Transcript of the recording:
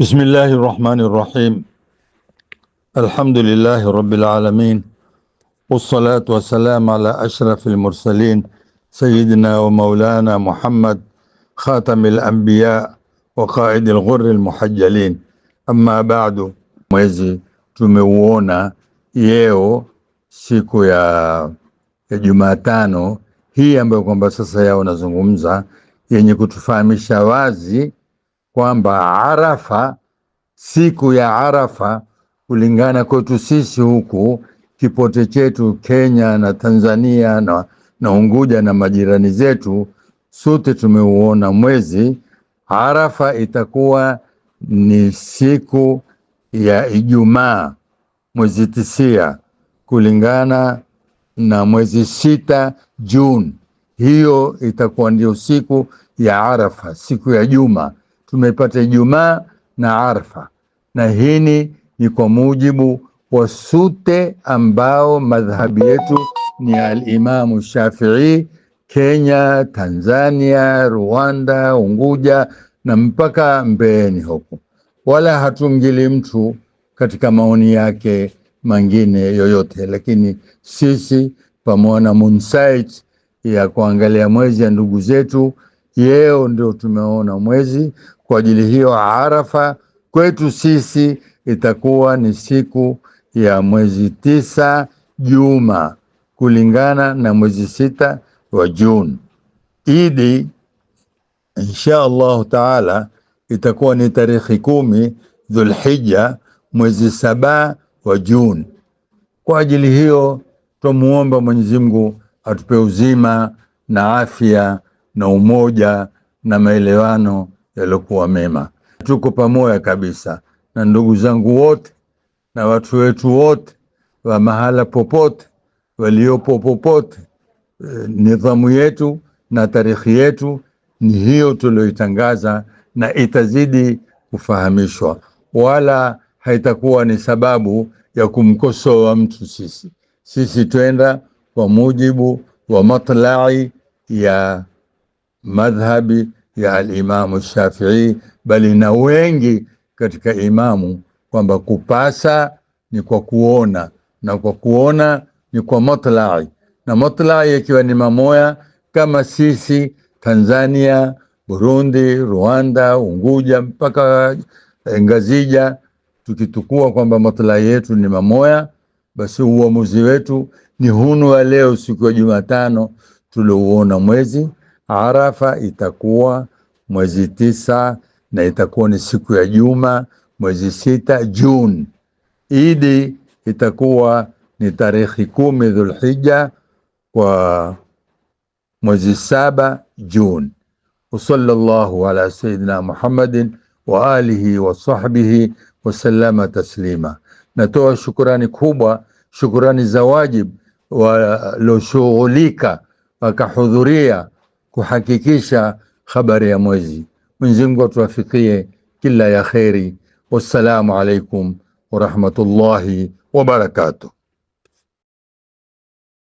بسم الله الرحمن الرحيم الحمد لله رب العالمين والصلاة والسلام على أشرف المرسلين سيدنا ومولانا محمد خاتم الأنبياء وقائد الغر المحجلين أما بعد mwezi tumeuona yeo siku ya, ya Jumatano hii ambayo kwamba sasa yao nazungumza yenye kutufahamisha wazi kwamba Arafa, siku ya Arafa kulingana kwetu sisi huku kipote chetu Kenya na Tanzania na, na Unguja na majirani zetu, sote tumeuona mwezi. Arafa itakuwa ni siku ya Ijumaa mwezi tisia kulingana na mwezi sita Juni. Hiyo itakuwa ndio siku ya Arafa, siku ya juma tumepata Ijumaa na Arfa, na hini ni kwa mujibu wa sute ambao madhhabi yetu ni Alimamu Shafii Kenya, Tanzania, Rwanda, Unguja na mpaka Mbeeni huku, wala hatumngili mtu katika maoni yake mangine yoyote. Lakini sisi pamoja na ya kuangalia mwezi ya ndugu zetu yeo ndio tumeona mwezi. Kwa ajili hiyo, Arafa kwetu sisi itakuwa ni siku ya mwezi tisa Juma kulingana na mwezi sita wa Juni. Idi insha allahu taala itakuwa ni tarehe kumi Dhulhija, mwezi saba wa Juni. Kwa ajili hiyo twamuomba Mwenyezi Mungu atupe uzima na afya na umoja na maelewano yaliokuwa mema. Tuko pamoja kabisa na ndugu zangu wote na watu wetu wote wa mahala popote waliopo popote. E, nidhamu yetu na tarikhi yetu ni hiyo tulioitangaza na itazidi kufahamishwa, wala haitakuwa ni sababu ya kumkosoa mtu. Sisi sisi twenda kwa mujibu wa matlai ya madhhabi ya alimamu Shafii, bali na wengi katika imamu kwamba kupasa ni kwa kuona na kwa kuona ni kwa matlai na matlai ikiwa ni mamoya kama sisi Tanzania, Burundi, Rwanda, Unguja mpaka eh, Ngazija, tukitukua kwamba matlai yetu ni mamoya, basi uamuzi wetu ni hunu wa leo, siku ya Jumatano tuliouona mwezi Arafa itakuwa mwezi tisa na itakuwa ni siku ya juma mwezi sita Juni. Idi itakuwa ni tarehe kumi Dhulhija kwa mwezi saba Juni. Wasallallahu ala sayidina Muhammadin wa alihi wa sahbihi wasallama taslima. Natoa shukurani kubwa, shukurani za wajib walioshughulika wakahudhuria kuhakikisha habari ya mwezi. Mwenyezi Mungu atuwafikie kila ya kheri. Wassalamu alaikum warahmatullahi wabarakatuh.